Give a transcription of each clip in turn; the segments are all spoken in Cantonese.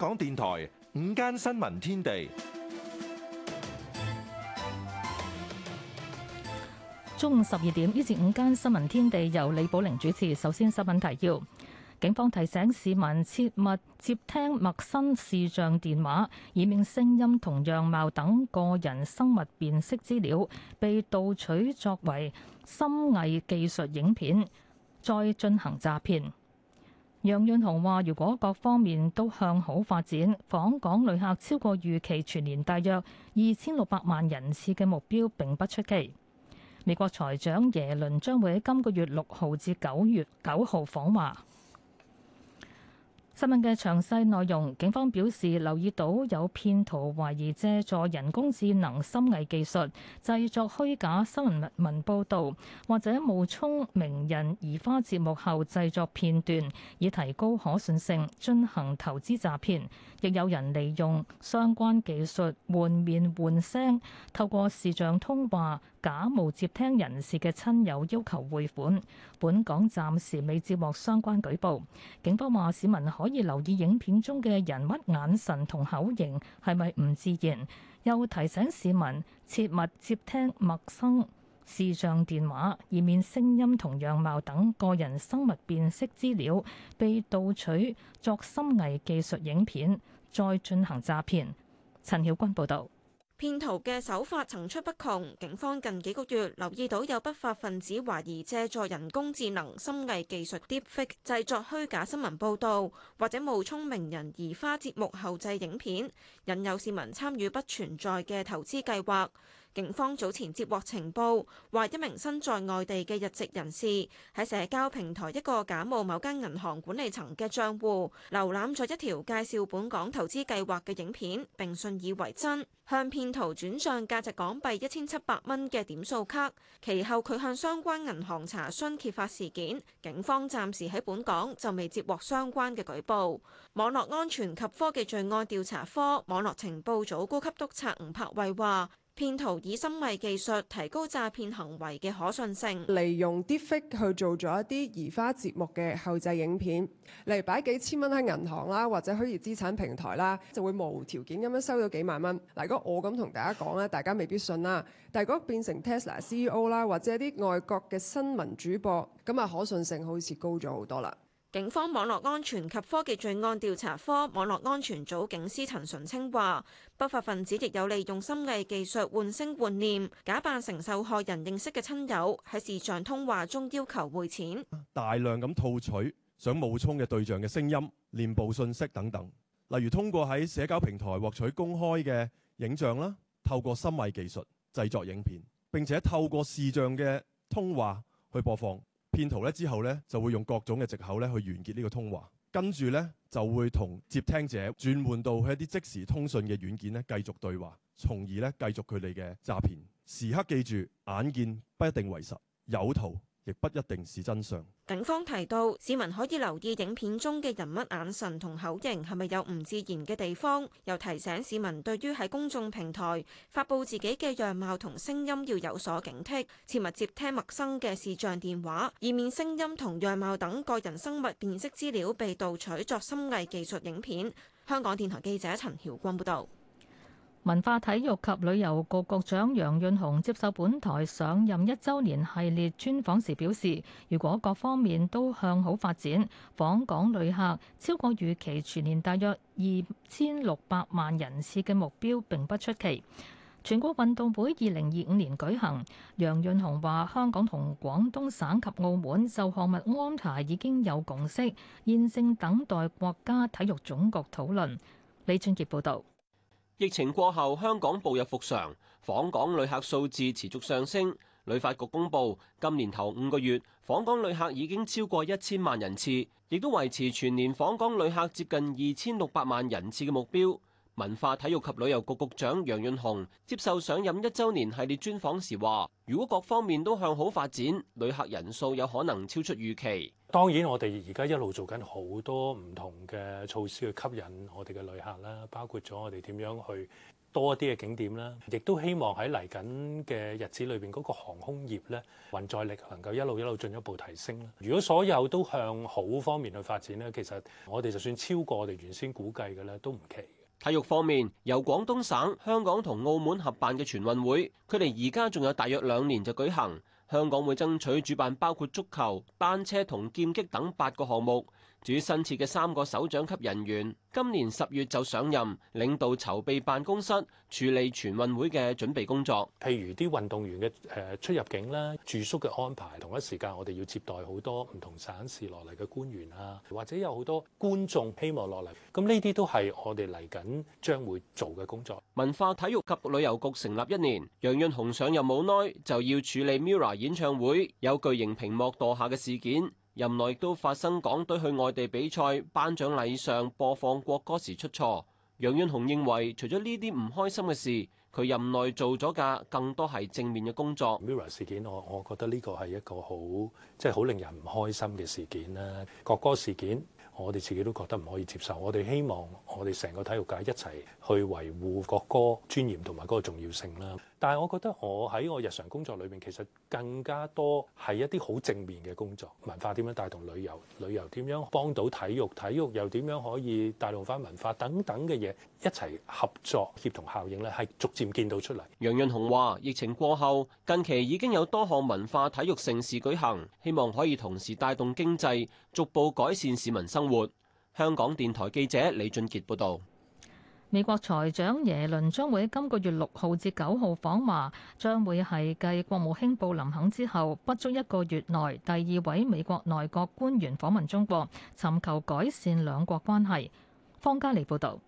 香港電台午間新聞天地，中午十二點，呢節午間新聞天地由李寶玲主持。首先新聞提要：警方提醒市民切勿接聽陌生視像電話，以免聲音同樣貌等個人生物辨識資料被盜取，作為深偽技術影片，再進行詐騙。楊潤雄話，如果各方面都向好發展，訪港旅客超過預期全年大約二千六百萬人次嘅目標，並不出奇。美國財長耶倫將會喺今個月六號至九月九號訪華。新聞嘅詳細內容，警方表示留意到有騙徒懷疑借助人工智能深偽技術製作虛假新聞文報導，或者冒充名人移花節目後製作片段，以提高可信性進行投資詐騙。亦有人利用相關技術換面換聲，透過視像通話。假冒接聽人士嘅親友要求匯款，本港暫時未接獲相關舉報。警方話市民可以留意影片中嘅人物眼神同口型係咪唔自然，又提醒市民切勿接聽陌生視像電話，以免聲音同樣貌等個人生物辨識資料被盜取作深偽技術影片，再進行詐騙。陳曉君報導。騙徒嘅手法層出不窮，警方近幾個月留意到有不法分子懷疑借助人工智能深偽技術 Deepfake 製作虛假新聞報導，或者冒充名人移花接木後製影片，引誘市民參與不存在嘅投資計劃。警方早前接獲情報，話一名身在外地嘅日籍人士喺社交平台一個假冒某間銀行管理層嘅賬戶瀏覽咗一條介紹本港投資計劃嘅影片，並信以為真，向騙徒轉賬價值港幣一千七百蚊嘅點數卡。其後佢向相關銀行查詢揭發事件，警方暫時喺本港就未接獲相關嘅舉報。網絡安全及科技罪案調查科網絡情報組高級督察吳柏慧話。騙徒以新穎技術提高詐騙行為嘅可信性，利用 defect 去做咗一啲移花接木嘅後製影片，例如擺幾千蚊喺銀行啦，或者虛擬資產平台啦，就會無條件咁樣收到幾萬蚊。嗱，如果我咁同大家講咧，大家未必信啦。但係如果變成 Tesla CEO 啦，或者啲外國嘅新聞主播，咁啊可信性好似高咗好多啦。警方網絡安全及科技罪案調查科網絡安全組警司陳純清話：不法分子亦有利用心藝技術換聲換念，假扮成受害人認識嘅親友，喺視像通話中要求匯錢。大量咁套取想冒充嘅對象嘅聲音、臉部信息等等，例如通過喺社交平台獲取公開嘅影像啦，透過心藝技術製作影片，並且透過視像嘅通話去播放。騙徒之後咧就會用各種嘅藉口去完結呢個通話，跟住咧就會同接聽者轉換到一啲即時通訊嘅軟件咧繼續對話，從而咧繼續佢哋嘅詐騙。時刻記住，眼見不一定為實，有圖，亦不一定是真相。警方提到，市民可以留意影片中嘅人物眼神同口型係咪有唔自然嘅地方，又提醒市民對於喺公眾平台發佈自己嘅樣貌同聲音要有所警惕，切勿接聽陌生嘅視像電話，以免聲音同樣貌等個人生物辨識資料被盜取作深偽技術影片。香港電台記者陳曉光報道。文化體育及旅遊局局長楊潤雄接受本台上任一周年系列專訪時表示如果各方面都向好發展，訪港旅客超過預期全年大約二千六百萬人次嘅目標並不出奇。全國運動會二零二五年舉行，楊潤雄話香港同廣東省及澳門就項目安排已經有共識，現正等待國家體育總局討論。李俊杰報道。疫情過後香港步入復常，訪港旅客數字持續上升。旅發局公布，今年頭五個月訪港旅客已經超過一千萬人次，亦都維持全年訪港旅客接近二千六百萬人次嘅目標。文化、體育及旅遊局局長楊潤雄接受上任一周年系列專訪時話：如果各方面都向好發展，旅客人數有可能超出預期。當然，我哋而家一路做緊好多唔同嘅措施去吸引我哋嘅旅客啦，包括咗我哋點樣去多一啲嘅景點啦，亦都希望喺嚟緊嘅日子裏邊嗰個航空業咧運載力能夠一路一路進一步提升啦。如果所有都向好方面去發展咧，其實我哋就算超過我哋原先估計嘅咧，都唔奇。體育方面，由廣東省、香港同澳門合辦嘅全運會，距離而家仲有大約兩年就舉行。香港會爭取主辦包括足球、單車同劍擊等八個項目。主新設嘅三個首長級人員，今年十月就上任，領導籌備辦公室，處理全運會嘅準備工作。譬如啲運動員嘅誒出入境啦、住宿嘅安排，同一時間我哋要接待好多唔同省市落嚟嘅官員啊，或者有好多觀眾希望落嚟，咁呢啲都係我哋嚟緊將會做嘅工作。文化體育及旅遊局成立一年，楊潤雄上任冇耐，就要處理 MIRROR 演唱會有巨型屏幕墮下嘅事件。任內亦都發生港隊去外地比賽，頒獎禮上播放國歌時出錯，楊潤雄認為除咗呢啲唔開心嘅事，佢任內做咗噶更多係正面嘅工作。Mirror 事件我我覺得呢個係一個好即係好令人唔開心嘅事件啦，國歌事件我哋自己都覺得唔可以接受，我哋希望我哋成個體育界一齊去維護國歌尊嚴同埋嗰個重要性啦。但係，我覺得我喺我日常工作裏邊，其實更加多係一啲好正面嘅工作。文化點樣帶動旅遊？旅遊點樣幫到體育？體育又點樣可以帶動翻文化？等等嘅嘢，一齊合作協同效應咧，係逐漸見到出嚟。楊潤雄話：疫情過後，近期已經有多項文化體育盛事舉行，希望可以同時帶動經濟，逐步改善市民生活。香港電台記者李俊杰報道。美國財長耶倫將會喺今個月六號至九號訪華，將會係繼國務卿布林肯之後，不足一個月內第二位美國內閣官員訪問中國，尋求改善兩國關係。方家利報導，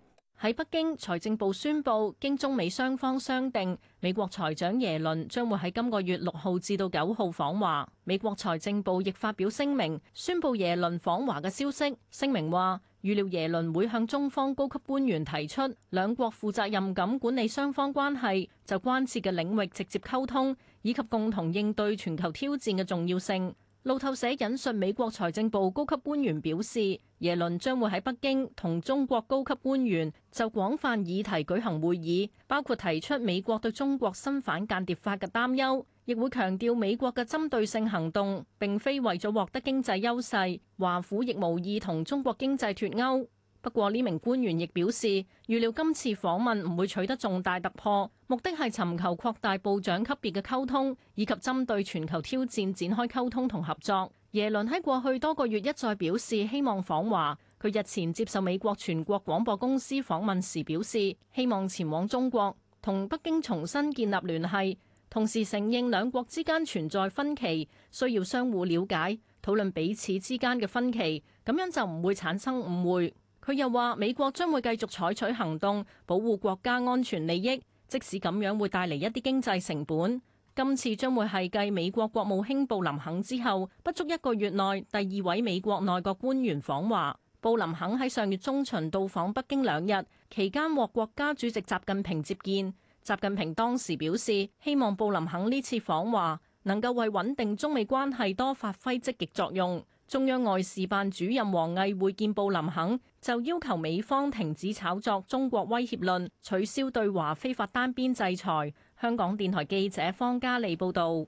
喺北京財政部宣布，經中美雙方商定，美國財長耶倫將會喺今個月六號至到九號訪華。美國財政部亦發表聲明，宣布耶倫訪華嘅消息。聲明話：預料耶倫會向中方高級官員提出兩國負責任噉管理雙方關係，就關切嘅領域直接溝通，以及共同應對全球挑戰嘅重要性。路透社引述美國財政部高級官員表示，耶倫將會喺北京同中國高級官員就廣泛議題舉行會議，包括提出美國對中國新反間諜法嘅擔憂。亦會強調美國嘅針對性行動並非為咗獲得經濟優勢，華府亦無意同中國經濟脫鉤。不過呢名官員亦表示，預料今次訪問唔會取得重大突破，目的係尋求擴大部長級別嘅溝通，以及針對全球挑戰展開溝通同合作。耶倫喺過去多個月一再表示希望訪華。佢日前接受美國全國廣播公司訪問時表示，希望前往中國同北京重新建立聯繫。同時承認兩國之間存在分歧，需要相互了解，討論彼此之間嘅分歧，咁樣就唔會產生誤會。佢又話：美國將會繼續採取行動，保護國家安全利益，即使咁樣會帶嚟一啲經濟成本。今次將會係繼美國國務卿布林肯之後，不足一個月內第二位美國內閣官員訪華。布林肯喺上月中旬到訪北京兩日，期間獲國家主席習近平接見。習近平當時表示，希望布林肯呢次訪華能夠為穩定中美關係多發揮積極作用。中央外事辦主任王毅會見布林肯，就要求美方停止炒作中國威脅論，取消對華非法單邊制裁。香港電台記者方嘉利報道。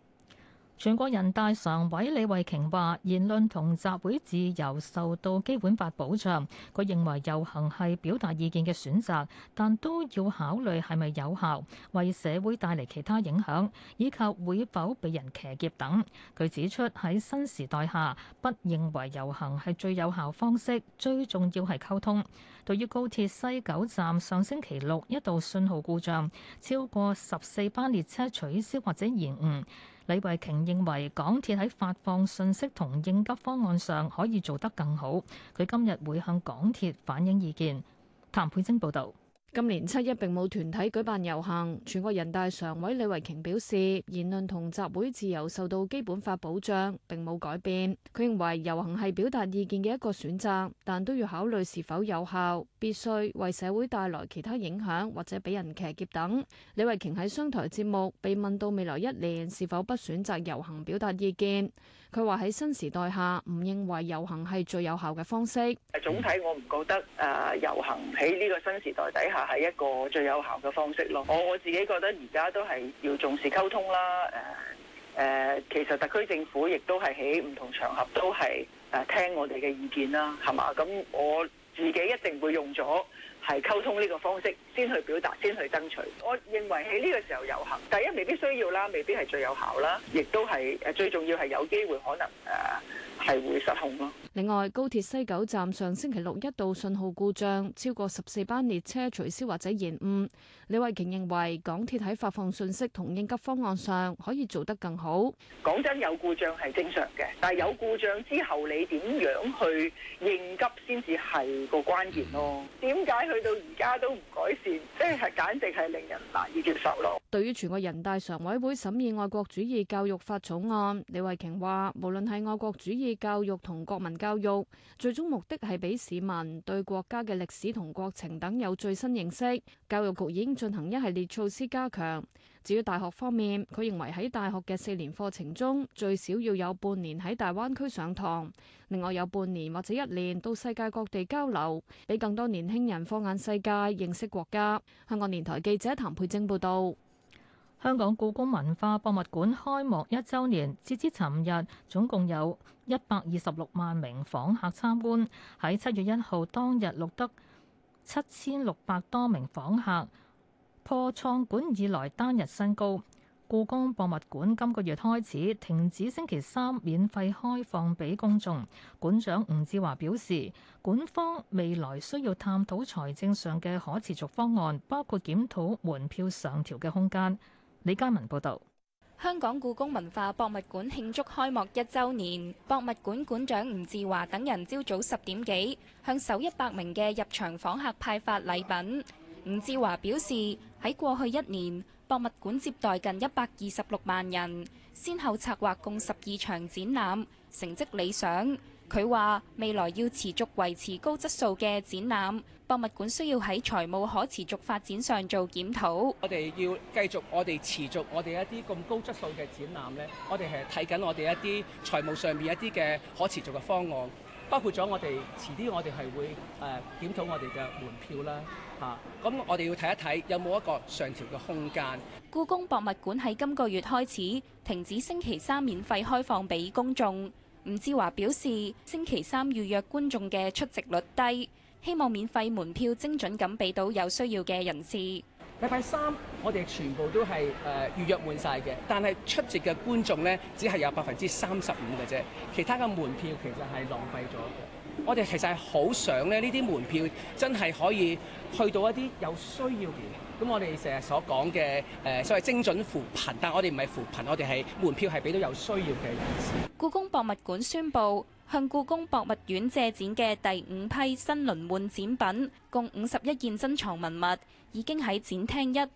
全國人大常委李慧瓊話：言論同集會自由受到基本法保障。佢認為遊行係表達意見嘅選擇，但都要考慮係咪有效，為社會帶嚟其他影響，以及會否被人騎劫等。佢指出喺新時代下，不認為遊行係最有效方式，最重要係溝通。對於高鐵西九站上星期六一度信號故障，超過十四班列車取消或者延誤。李慧瓊認為港鐵喺發放信息同應急方案上可以做得更好。佢今日會向港鐵反映意見。譚佩晶報道：今年七一並冇團體舉辦遊行。全國人大常委李慧瓊表示，言論同集會自由受到基本法保障，並冇改變。佢認為遊行係表達意見嘅一個選擇，但都要考慮是否有效。必須為社會帶來其他影響，或者俾人騎劫等。李慧瓊喺商台節目被問到未來一年是否不選擇遊行表達意見，佢話喺新時代下唔認為遊行係最有效嘅方式。總體我唔覺得誒遊行喺呢個新時代底下係一個最有效嘅方式咯。我我自己覺得而家都係要重視溝通啦。誒誒，其實特區政府亦都係喺唔同場合都係誒聽我哋嘅意見啦，係嘛？咁我。自己一定會用咗，係溝通呢個方式先去表達，先去爭取。我認為喺呢個時候遊行，第一未必需要啦，未必係最有效啦，亦都係誒最重要係有機會可能誒係會失控咯。另外，高鐵西九站上星期六一度信號故障，超過十四班列車取消或者延誤。李慧瓊認為港鐵喺發放信息同應急方案上可以做得更好。講真，有故障係正常嘅，但係有故障之後你點樣去應急先至係個關鍵咯。點解？去到而家都唔改善，即係簡直係令人難以接受咯。對於全國人大常委會審議愛國主義教育法草案，李慧瓊話，無論係愛國主義教育同國民教育，最終目的係俾市民對國家嘅歷史同國情等有最新認識，教育局已經進行一系列措施加強。至於大學方面，佢認為喺大學嘅四年課程中，最少要有半年喺大灣區上堂，另外有半年或者一年到世界各地交流，俾更多年輕人放眼世界、認識國家。香港電台記者譚佩晶報導。香港故宮文化博物館開幕一週年，截至尋日總共有一百二十六萬名訪客參觀，喺七月一號當日錄得七千六百多名訪客。破創館以來單日新高。故宮博物館今個月開始停止星期三免費開放俾公眾。館長吳志華表示，館方未來需要探討財政上嘅可持續方案，包括檢討門票上調嘅空間。李嘉文報導。香港故宮文化博物館慶祝開幕一週年，博物館館長吳志華等人朝早十點幾向首一百名嘅入場訪客派發禮品。吳志華表示，喺過去一年，博物館接待近一百二十六萬人，先後策劃共十二場展覽，成績理想。佢話：未來要持續維持高質素嘅展覽，博物館需要喺財務可持續發展上做檢討。我哋要繼續，我哋持續我哋一啲咁高質素嘅展覽呢，我哋係睇緊我哋一啲財務上面一啲嘅可持續嘅方案。包括咗我哋，遲啲我哋係會誒、呃、檢討我哋嘅門票啦，嚇、啊。咁我哋要睇一睇有冇一個上調嘅空間。故宮博物館喺今個月開始停止星期三免費開放俾公眾。吳志華表示，星期三預約觀眾嘅出席率低，希望免費門票精準咁俾到有需要嘅人士。禮拜三我哋全部都係誒、呃、預約滿晒嘅，但係出席嘅觀眾咧只係有百分之三十五嘅啫，其他嘅門票其實係浪費咗嘅。我哋其實係好想咧，呢啲門票真係可以去到一啲有需要嘅。咁我哋成日所講嘅誒所謂精準扶貧，但係我哋唔係扶貧，我哋係門票係俾到有需要嘅人士。故宮博物館宣布。向故宮博物院借展嘅第五批新輪換展品，共五十一件珍藏文物，已經喺展廳一、二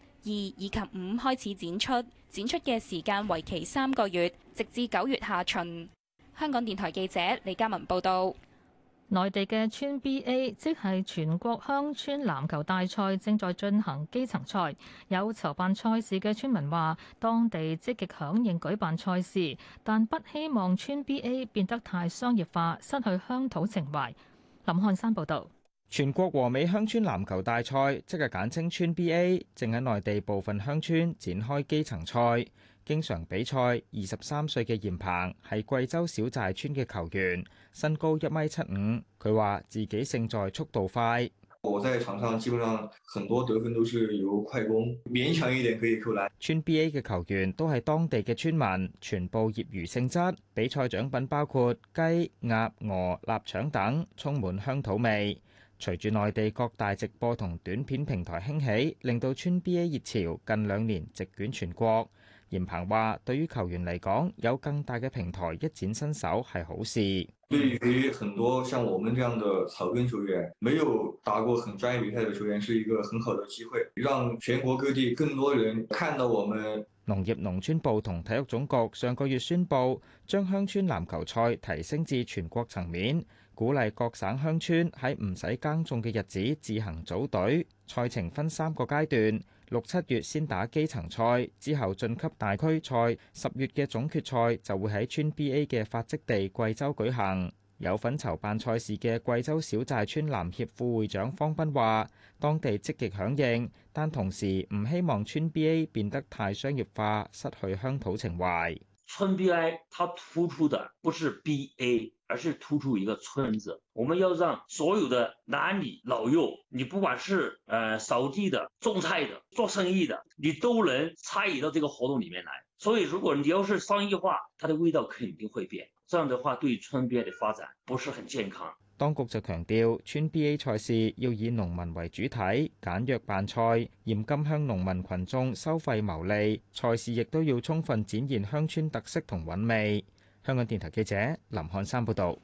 以及五開始展出，展出嘅時間為期三個月，直至九月下旬。香港電台記者李嘉文報道。內地嘅村 B A 即係全國鄉村籃球大賽，正在進行基層賽。有籌辦賽事嘅村民話，當地積極響應舉辦賽事，但不希望村 B A 變得太商業化，失去鄉土情懷。林漢山報導。全國和美鄉村籃球大賽即係簡稱村 B A，正喺內地部分鄉村展開基層賽。經常比賽，二十三歲嘅嚴鵬係貴州小寨村嘅球員，身高一米七五。佢話自己勝在速度快。我在場上基本上很多得分都是由快攻，勉強一點可以扣籃。村 B A 嘅球員都係當地嘅村民，全部業餘性質。比賽獎品包括雞、鴨、鵝、臘腸等，充滿鄉土味。隨住內地各大直播同短片平台興起，令到村 B A 熱潮近兩年席捲全國。嚴鵬話：對於球員嚟講，有更大嘅平台一展身手係好事。對於很多像我們這樣的草根球員，沒有打過很專業比賽嘅球員，是一個很好的機會，讓全國各地更多人看到我們。農業農村部同體育總局上個月宣布，將鄉村籃球賽提升至全國層面，鼓勵各省鄉村喺唔使耕種嘅日子自行組隊，賽程分三個階段。六七月先打基層賽，之後晉級大區賽，十月嘅總決賽就會喺村 BA 嘅發跡地貴州舉行。有份籌辦賽事嘅貴州小寨村籃協副會長方斌話，當地積極響應，但同時唔希望村 BA 變得太商業化，失去鄉土情懷。村 BA 它突出的不是 BA。而是突出一個村子，我們要讓所有的男女老幼，你不管是，呃，掃地的、種菜的、做生意的，你都能參與到這個活動裏面來。所以如果你要是商業化，它的味道肯定會變。這樣的話，對村 BA 的發展不是很健康。當局就強調，村 BA 賽事要以農民為主體，簡約辦賽，嚴禁向農民群眾收費牟利，賽事亦都要充分展現鄉村特色同韻味。香港電台記者林漢山報道，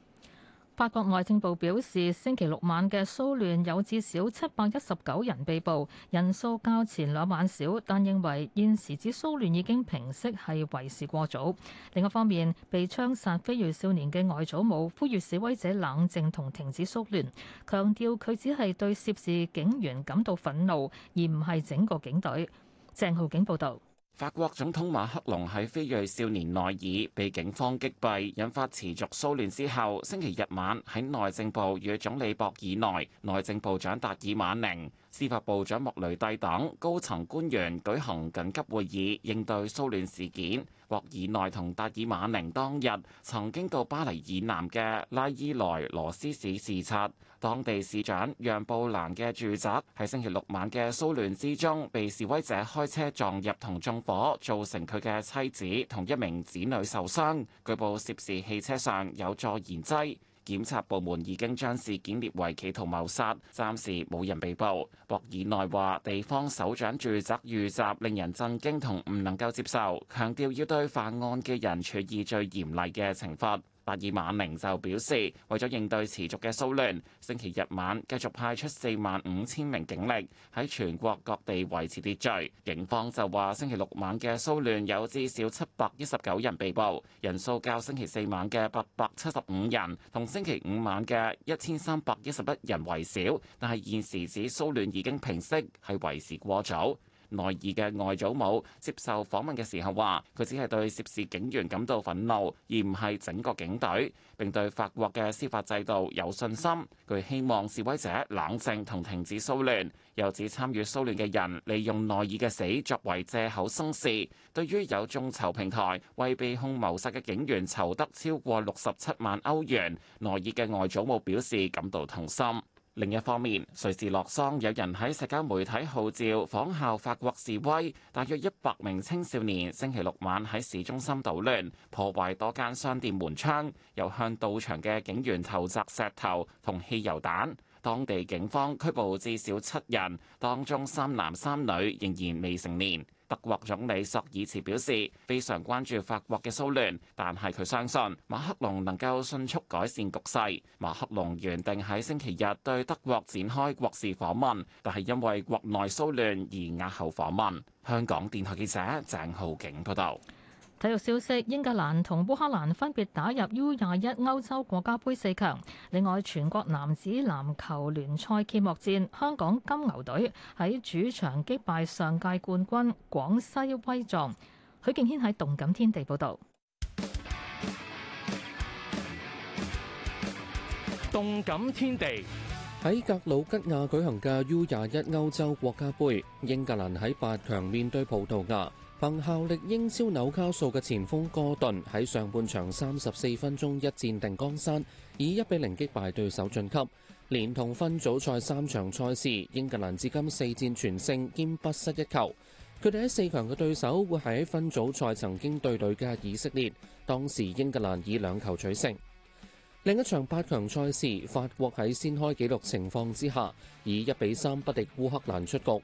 法國外政部表示，星期六晚嘅騷亂有至少七百一十九人被捕，人數較前兩晚少，但認為現時指騷亂已經平息係為時過早。另一方面，被槍殺非裔少年嘅外祖母呼籲示威者冷靜同停止騷亂，強調佢只係對涉事警員感到憤怒，而唔係整個警隊。鄭浩景報道。法國總統馬克龍喺非裔少年內爾被警方擊斃，引發持續騷亂之後，星期日晚喺內政部與總理博爾內、內政部長達爾馬寧、司法部長莫雷蒂等高層官員舉行緊急會議，應對騷亂事件。博爾內同達爾馬寧當日曾經到巴黎以南嘅拉伊萊羅斯市視察。當地市長讓布蘭嘅住宅喺星期六晚嘅騷亂之中被示威者開車撞入同縱火，造成佢嘅妻子同一名子女受傷。據報涉事汽車上有助燃劑，檢察部門已經將事件列為企圖謀殺，暫時冇人被捕。博爾內話：地方首長住宅遇襲令人震驚同唔能夠接受，強調要對犯案嘅人處以最嚴厲嘅懲罰。達爾馬寧就表示，為咗應對持續嘅騷亂，星期日晚繼續派出四萬五千名警力喺全國各地維持秩序。警方就話，星期六晚嘅騷亂有至少七百一十九人被捕，人數較星期四晚嘅八百七十五人同星期五晚嘅一千三百一十一人為少，但係現時指騷亂已經平息，係為時過早。內爾嘅外祖母接受訪問嘅時候話：佢只係對涉事警員感到憤怒，而唔係整個警隊，並對法國嘅司法制度有信心。佢希望示威者冷靜同停止騷亂，又指參與騷亂嘅人利用內爾嘅死作為藉口生事。對於有眾籌平台為被控謀殺嘅警員籌得超過六十七萬歐元，內爾嘅外祖母表示感到痛心。另一方面，瑞士洛桑有人喺社交媒體號召仿效法國示威，大約一百名青少年星期六晚喺市中心搗亂，破壞多間商店門窗，又向到場嘅警員投擲石頭同汽油彈。當地警方拘捕至少七人，當中三男三女仍然未成年。德國總理朔爾茨表示非常關注法國嘅騷亂，但係佢相信馬克龍能夠迅速改善局勢。馬克龍原定喺星期日對德國展開國事訪問，但係因為國內騷亂而押後訪問。香港電台記者鄭浩景報道。體育消息：英格蘭同烏克蘭分別打入 U 廿一歐洲國家盃四強。另外，全國男子籃球聯賽揭幕戰，香港金牛隊喺主場擊敗上屆冠軍廣西威壯。許敬軒喺動感天地報道。動感天地，喺格魯吉亞舉行嘅 U 廿一歐洲國家盃，英格蘭喺八強面對葡萄牙。憑效力英超紐卡素嘅前鋒戈頓喺上半場三十四分鐘一戰定江山，以一比零擊敗對手晉級。連同分組賽三場賽事，英格蘭至今四戰全勝兼不失一球。佢哋喺四強嘅對手會喺分組賽曾經對壘嘅以色列，當時英格蘭以兩球取勝。另一場八強賽事，法國喺先開紀錄情況之下，以一比三不敵烏克蘭出局。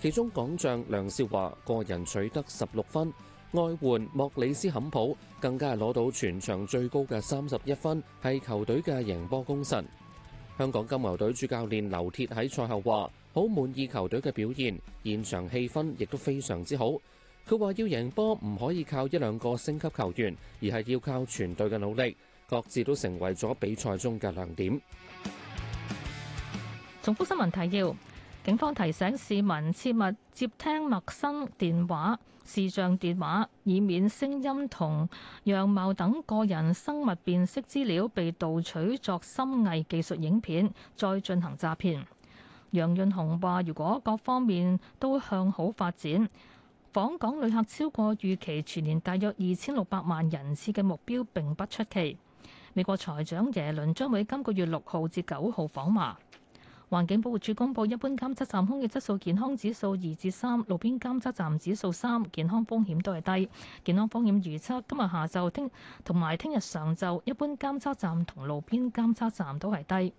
其中港將梁少華個人取得十六分，外援莫里斯坎普更加係攞到全場最高嘅三十一分，係球隊嘅贏波功臣。香港金牛隊主教練劉鐵喺賽後話：好滿意球隊嘅表現，現場氣氛亦都非常之好。佢話要贏波唔可以靠一兩個星級球員，而係要靠全隊嘅努力，各自都成為咗比賽中嘅亮點。重複新聞提要。警方提醒市民切勿接聽陌生電話、視像電話，以免聲音同樣貌等個人生物辨識資料被盜取作深偽技術影片，再進行詐騙。楊潤雄話，如果各方面都向好發展，訪港旅客超過預期，全年大約二千六百萬人次嘅目標並不出奇。美國財長耶倫將會今個月六號至九號訪華。環境保護署公布，一般監測站空氣質素健康指數二至三，路邊監測站指數三，健康風險都係低。健康風險預測今日下晝聽同埋聽日上晝，一般監測站同路邊監測站都係低。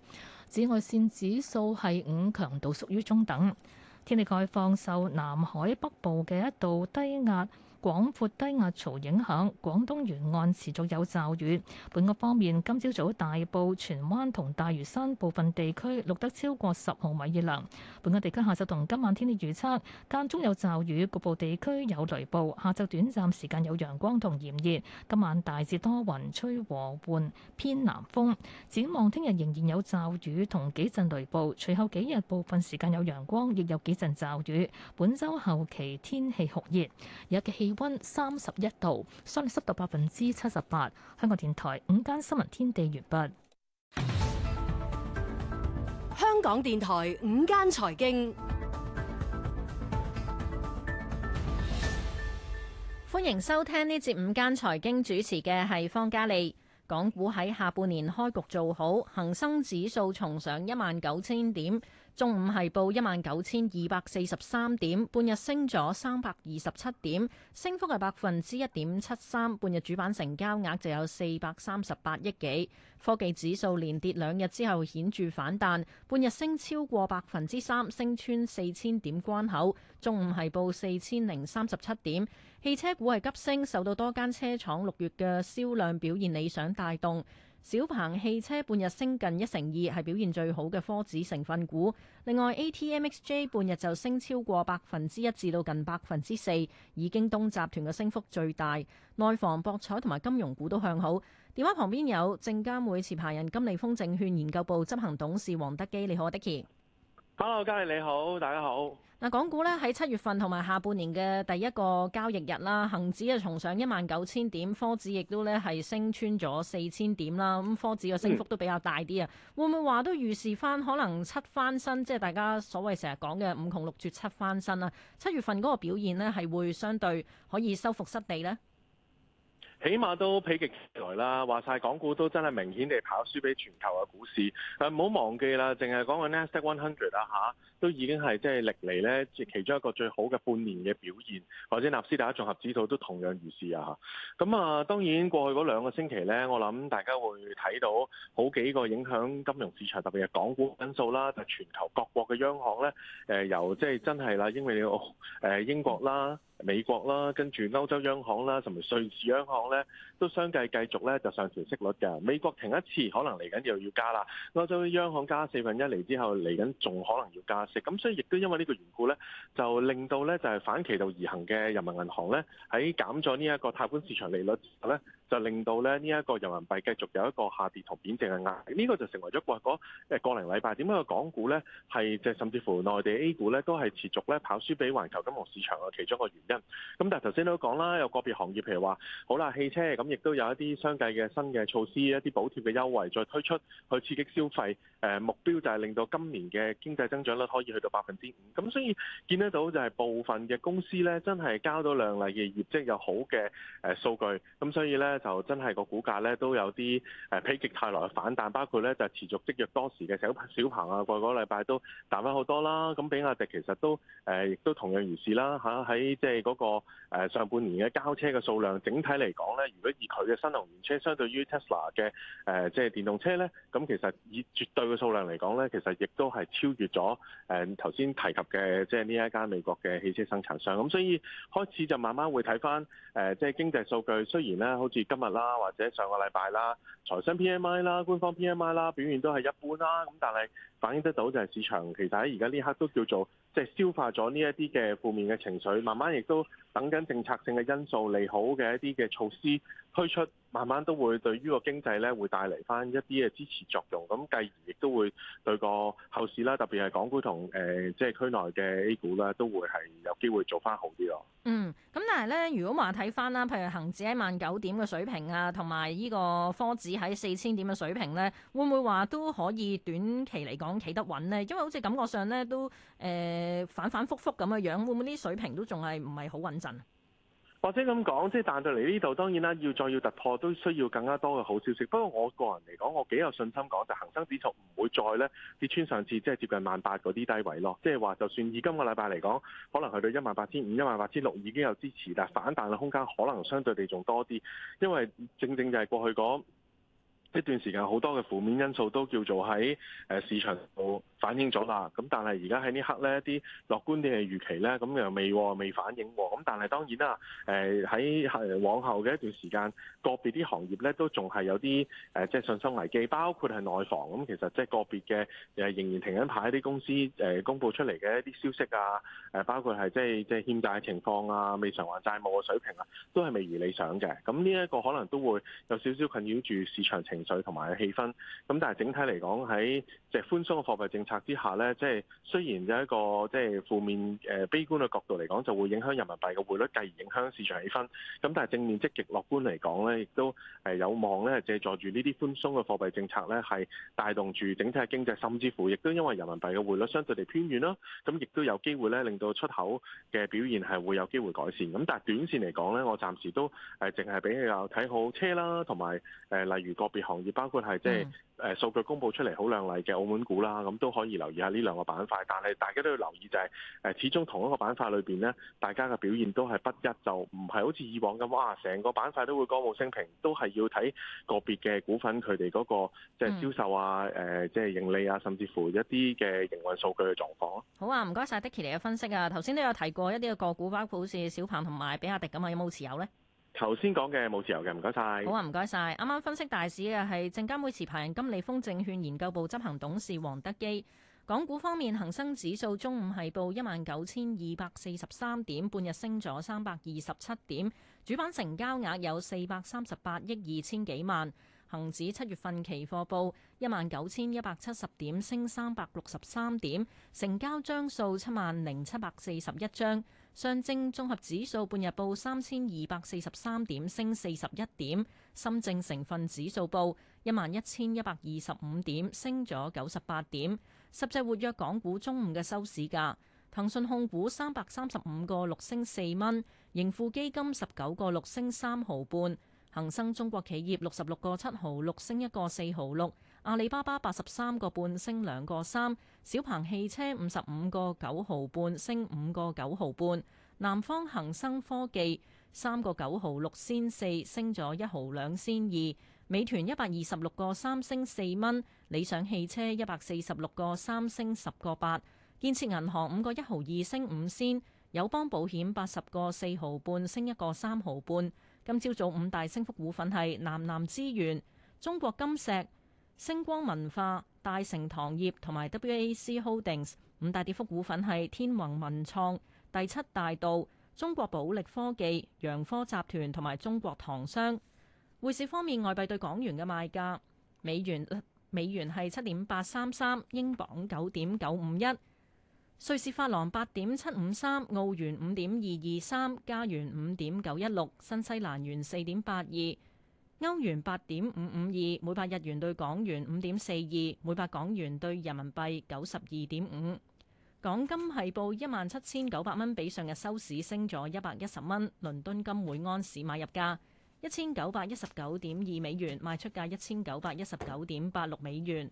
紫外線指數係五，強度屬於中等。天氣概況受南海北部嘅一道低壓廣闊低壓槽影響廣東沿岸持續有驟雨。本港方面，今朝早，早大埔、荃灣同大嶼山部分地區錄得超過十毫米雨量。本港地區下晝同今晚天氣預測間中有驟雨，局部地區有雷暴。下晝短暫時間有陽光同炎熱。今晚大致多雲，吹和緩偏南風。展望聽日仍然有驟雨同幾陣雷暴。隨後幾日部分時間有陽光，亦有幾陣驟雨。本週後期天氣酷熱，日嘅氣。溫三十一度，相對濕度百分之七十八。香港電台午間新聞天地完畢。香港電台午間財經，歡迎收聽呢節午間財經，主持嘅係方嘉利。港股喺下半年開局做好，恒生指數重上一萬九千點。中午係報一萬九千二百四十三點，半日升咗三百二十七點，升幅係百分之一點七三。半日主板成交額就有四百三十八億幾。科技指數連跌兩日之後顯著反彈，半日升超過百分之三，升穿四千點關口。中午係報四千零三十七點。汽車股係急升，受到多間車廠六月嘅銷量表現理想帶動。小鵬汽車半日升近一成二，係表現最好嘅科指成分股。另外，ATMXJ 半日就升超過百分之一至到近百分之四，以京東集團嘅升幅最大。內房博彩同埋金融股都向好。電話旁邊有證監會持牌人金利豐證券研究部執行董事黃德基，你好，Dickie。hello，家姐你好，大家好。嗱，港股咧喺七月份同埋下半年嘅第一個交易日啦，恒指啊重上一萬九千點，科指亦都咧係升穿咗四千點啦。咁科指嘅升幅都比較大啲啊，嗯、會唔會話都預示翻可能七翻身，即係大家所謂成日講嘅五窮六絕七翻身啊？七月份嗰個表現咧係會相對可以收復失地咧？起碼都否極來啦，話晒港股都真係明顯地跑輸俾全球嘅股市。誒，唔好忘記啦，淨係講緊 Nasdaq One Hundred 啊嚇，都已經係即係歷嚟呢，即係其中一個最好嘅半年嘅表現，或者納斯達克綜合指數都同樣如是啊嚇。咁啊，當然過去嗰兩個星期呢，我諗大家會睇到好幾個影響金融市場特別係港股因素啦，就是、全球各國嘅央行呢，誒、呃、由即係真係啦，因為英美、英國啦、美國啦，跟住歐洲央行啦，甚至瑞士央行。咧都相繼繼續咧就上調息率嘅。美國停一次可能嚟緊又要加啦，澳洲央行加四分一厘之後，嚟緊仲可能要加息，咁所以亦都因為呢個緣故咧，就令到咧就係反其道而行嘅人民銀行咧喺減咗呢一個貸款市場利率咧。就令到咧呢一個人民幣繼續有一個下跌同貶值嘅壓力，呢、這個就成為咗過嗰誒個零禮拜點解個港股呢係即係甚至乎內地 A 股呢都係持續咧跑輸俾環球金融市場嘅其中一個原因。咁但係頭先都講啦，有個別行業譬如話，好啦，汽車咁亦都有一啲相繼嘅新嘅措施，一啲補貼嘅優惠再推出去刺激消費。誒、呃、目標就係令到今年嘅經濟增長率可以去到百分之五。咁所以見得到就係部分嘅公司呢真係交到亮麗嘅業績又好嘅誒數據。咁所以呢。就真係個股價咧都有啲誒否極泰來反彈，包括咧就持續積弱多時嘅小小鵬啊，個個禮拜都彈翻好多啦。咁比亞迪其實都誒亦、呃、都同樣如是啦嚇，喺即係嗰個上半年嘅交車嘅數量，整體嚟講咧，如果以佢嘅新能源車相對於 Tesla 嘅誒即、呃、係、就是、電動車咧，咁其實以絕對嘅數量嚟講咧，其實亦都係超越咗誒頭先提及嘅即係呢一間美國嘅汽車生產商。咁所以開始就慢慢會睇翻誒即係經濟數據，雖然咧好似。今日啦，或者上個禮拜啦，財新 PMI 啦，官方 PMI 啦，表現都係一般啦，咁但係反映得到就係市場其實喺而家呢刻都叫做即係、就是、消化咗呢一啲嘅負面嘅情緒，慢慢亦都。等緊政策性嘅因素利好嘅一啲嘅措施推出，慢慢都會對於個經濟咧會帶嚟翻一啲嘅支持作用，咁繼而亦都會對個後市啦，特別係港股同誒、呃、即係區內嘅 A 股啦，都會係有機會做翻好啲咯。嗯，咁但係咧，如果話睇翻啦，譬如恒指喺萬九點嘅水平啊，同埋呢個科指喺四千點嘅水平咧，會唔會話都可以短期嚟講企得穩咧？因為好似感覺上咧都誒、呃、反反覆覆咁嘅樣，會唔會啲水平都仲係唔係好穩陣？或者咁講，即係彈到嚟呢度，當然啦，要再要突破，都需要更加多嘅好消息。不過我個人嚟講，我幾有信心講，就恒生指數唔會再呢跌穿上次即係接近萬八嗰啲低位咯。即係話，就算以今個禮拜嚟講，可能去到一萬八千五、一萬八千六已經有支持，但反彈嘅空間可能相對地仲多啲。因為正正就係過去嗰一段時間，好多嘅負面因素都叫做喺市場度，反映咗啦，咁但係而家喺呢刻呢，一啲樂觀啲嘅預期呢，咁又未未反應喎，咁但係當然啦，誒喺往後嘅一段時間，個別啲行業呢都仲係有啲誒即係信心危機，包括係內房咁，其實即係個別嘅仍然停緊牌一啲公司誒公佈出嚟嘅一啲消息啊，誒包括係即係即係欠債情況啊，未償還債務嘅水平啊，都係未如理想嘅，咁呢一個可能都會有少少困擾住市場情緒同埋氣氛，咁但係整體嚟講喺即係寬鬆嘅貨幣政策。策之下呢，即係雖然有一個即係負面誒悲觀嘅角度嚟講，就會影響人民幣嘅匯率，繼而影響市場氣氛。咁但係正面積極樂觀嚟講呢，亦都誒有望咧借助住呢啲寬鬆嘅貨幣政策咧，係帶動住整體嘅經濟，甚至乎亦都因為人民幣嘅匯率相對嚟偏軟啦，咁亦都有機會咧令到出口嘅表現係會有機會改善。咁但係短線嚟講呢，我暫時都誒淨係比較睇好車啦，同埋誒例如個別行業，包括係即係。誒數據公佈出嚟好亮麗嘅澳門股啦，咁都可以留意下呢兩個板塊。但係大家都要留意就係誒，始終同一個板塊裏邊呢，大家嘅表現都係不一，就唔係好似以往咁，哇！成個板塊都會歌舞升平，都係要睇個別嘅股份佢哋嗰個即係銷售啊、誒即係盈利啊，甚至乎一啲嘅營運數據嘅狀況咯。好啊，唔該晒 Dicky 嚟嘅分析啊，頭先都有提過一啲嘅個股包括好似小鵬同埋比亞迪咁啊，有冇持有呢？頭先講嘅冇自由嘅，唔該晒。好啊，唔該晒。啱啱分析大市嘅係證監會持牌人金利豐證券研究部執行董事黃德基。港股方面，恒生指數中午係報一萬九千二百四十三點，半日升咗三百二十七點，主板成交額有四百三十八億二千幾萬。恒指七月份期貨報一萬九千一百七十點，升三百六十三點，成交張數七萬零七百四十一張。上證綜合指數半日報三千二百四十三點，升四十一點；深證成分指數報一萬一千一百二十五點，升咗九十八點。十隻活躍港股中午嘅收市價：騰訊控股三百三十五個六升四蚊，盈富基金十九個六升三毫半，恒生中國企業六十六個七毫六升一個四毫六。阿里巴巴八十三個半升兩個三，小鵬汽車五十五個九毫半升五個九毫半，南方恒生科技三個九毫六仙四升咗一毫兩仙二，美團一百二十六個三升四蚊，理想汽車一百四十六個三升十個八，建設銀行五個一毫二升五仙，友邦保險八十個四毫半升一個三毫半。今朝早五大升幅股份係南南資源、中國金石、星光文化、大成糖業同埋 WAC Holdings。五大跌幅股份係天宏文創、第七大道、中國寶力科技、揚科集團同埋中國糖商。匯市方面，外幣對港元嘅賣價，美元、呃、美元係七點八三三，英鎊九點九五一，瑞士法郎八點七五三，澳元五點二二三，加元五點九一六，新西蘭元四點八二。歐元八點五五二，每百日元對港元五點四二，每百港元對人民幣九十二點五。港金係報一萬七千九百蚊，比上日收市升咗一百一十蚊。倫敦金每安士買入價一千九百一十九點二美元，賣出價一千九百一十九點八六美元。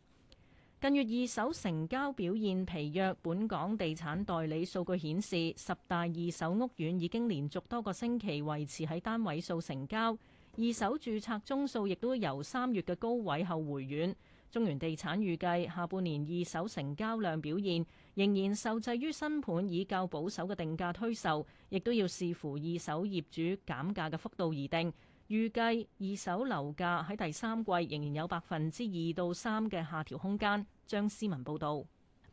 近月二手成交表現疲弱，本港地產代理數據顯示，十大二手屋苑已經連續多個星期維持喺單位數成交。二手註冊宗數亦都由三月嘅高位後回軟。中原地產預計下半年二手成交量表現仍然受制於新盤以較保守嘅定價推售，亦都要視乎二手業主減價嘅幅度而定。預計二手樓價喺第三季仍然有百分之二到三嘅下調空間。張思文報導。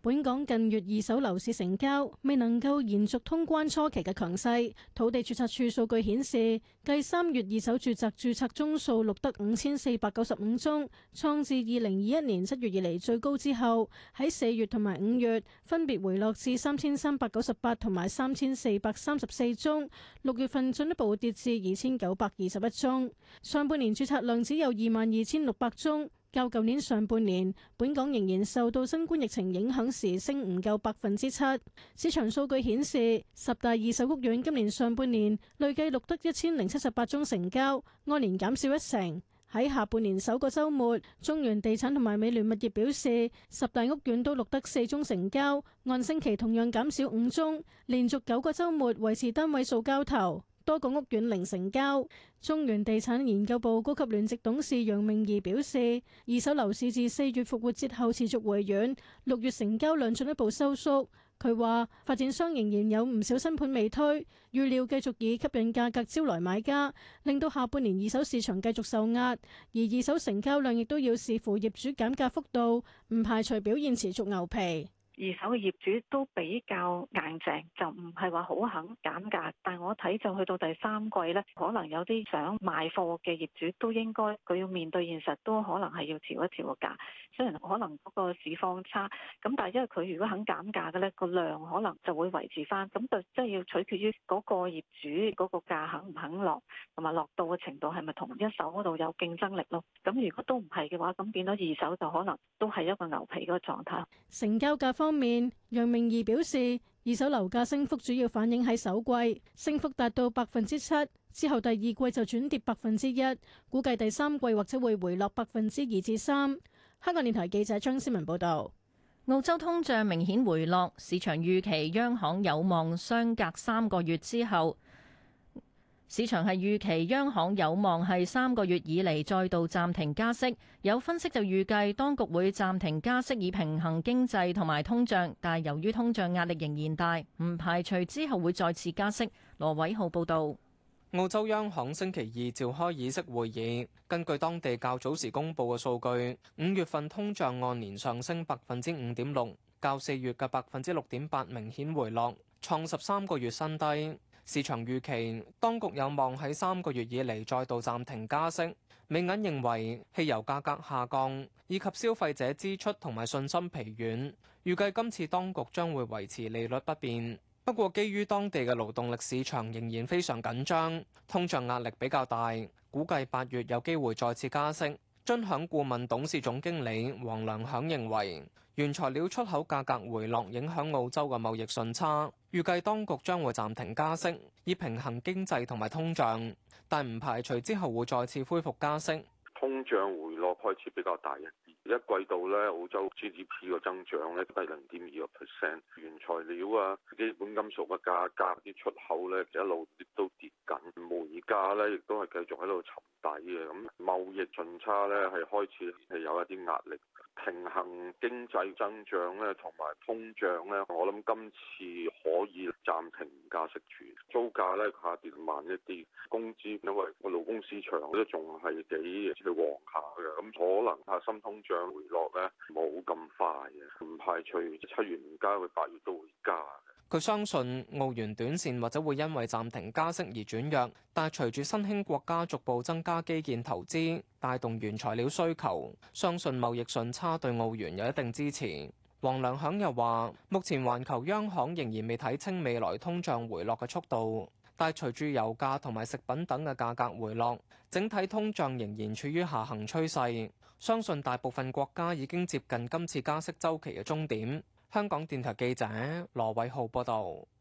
本港近月二手樓市成交未能夠延續通關初期嘅強勢，土地注冊處數據顯示，繼三月二手住宅注冊宗數錄得五千四百九十五宗，創自二零二一年七月以嚟最高之後，喺四月同埋五月分別回落至三千三百九十八同埋三千四百三十四宗，六月份進一步跌至二千九百二十一宗，上半年注冊量只有二萬二千六百宗。較舊年上半年，本港仍然受到新冠疫情影響時升唔夠百分之七。市場數據顯示，十大二手屋苑今年上半年累計錄得一千零七十八宗成交，按年減少一成。喺下半年首個周末，中原地產同埋美聯物業表示，十大屋苑都錄得四宗成交，按星期同樣減少五宗，連續九個周末維持單位數交投。多個屋苑零成交，中原地產研究部高級聯席董事楊明儀表示，二手樓市自四月復活節後持續回軟，六月成交量進一步收縮。佢話，發展商仍然有唔少新盤未推，預料繼續以吸引價格招來買家，令到下半年二手市場繼續受壓，而二手成交量亦都要視乎業主減價幅度，唔排除表現持續牛皮。二手嘅業主都比較硬淨，就唔係話好肯減價。但係我睇就去到第三季呢，可能有啲想賣貨嘅業主都應該佢要面對現實，都可能係要調一調個價。雖然可能嗰個市況差，咁但係因為佢如果肯減價嘅呢，個量可能就會維持翻。咁就即係要取決於嗰個業主嗰個價肯唔肯落，同埋落到嘅程度係咪同一手嗰度有競爭力咯？咁如果都唔係嘅話，咁變咗二手就可能都係一個牛皮嗰個狀態。成交價。方面，楊明義表示，二手樓價升幅主要反映喺首季，升幅達到百分之七，之後第二季就轉跌百分之一，估計第三季或者會回落百分之二至三。香港電台記者張思文報道。澳洲通脹明顯回落，市場預期央行有望相隔三個月之後。市場係預期央行有望喺三個月以嚟再度暫停加息，有分析就預計當局會暫停加息以平衡經濟同埋通脹，但係由於通脹壓力仍然大，唔排除之後會再次加息。羅偉浩報導，澳洲央行星期二召開議息會議，根據當地較早時公佈嘅數據，五月份通脹按年上升百分之五點六，較四月嘅百分之六點八明顯回落，創十三個月新低。市場預期當局有望喺三個月以嚟再度暫停加息。美銀認為汽油價格下降以及消費者支出同埋信心疲軟，預計今次當局將會維持利率不變。不過，基於當地嘅勞動力市場仍然非常緊張，通脹壓力比較大，估計八月有機會再次加息。津享顧問董事總經理黃良享認為，原材料出口價格回落影響澳洲嘅貿易順差，預計當局將會暫停加息，以平衡經濟同埋通脹，但唔排除之後會再次恢復加息。通脹回落開始比較大一啲，一季度咧，澳洲 GDP 個增長咧都係零點二個 percent，原材料啊、基本金屬嘅價格啲出口咧一路都跌緊，煤價咧亦都係繼續喺度沉底嘅咁，貿易順差咧係開始係有一啲壓力。平衡經濟增長咧，同埋通脹咧，我諗今次可以暫停加息住，租價咧下跌慢一啲，工資因為個勞工市場都仲係幾係旺下嘅，咁、嗯、可能核心通脹回落咧冇咁快嘅，唔排除七月唔加，佢八月都會加。佢相信澳元短線或者會因為暫停加息而轉弱，但隨住新興國家逐步增加基建投資帶動原材料需求，相信貿易順差對澳元有一定支持。黃良享又話目前環球央行仍然未睇清未來通脹回落嘅速度，但隨住油價同埋食品等嘅價格回落，整體通脹仍然處於下行趨勢，相信大部分國家已經接近今次加息周期嘅終點。香港電台記者羅偉浩報道。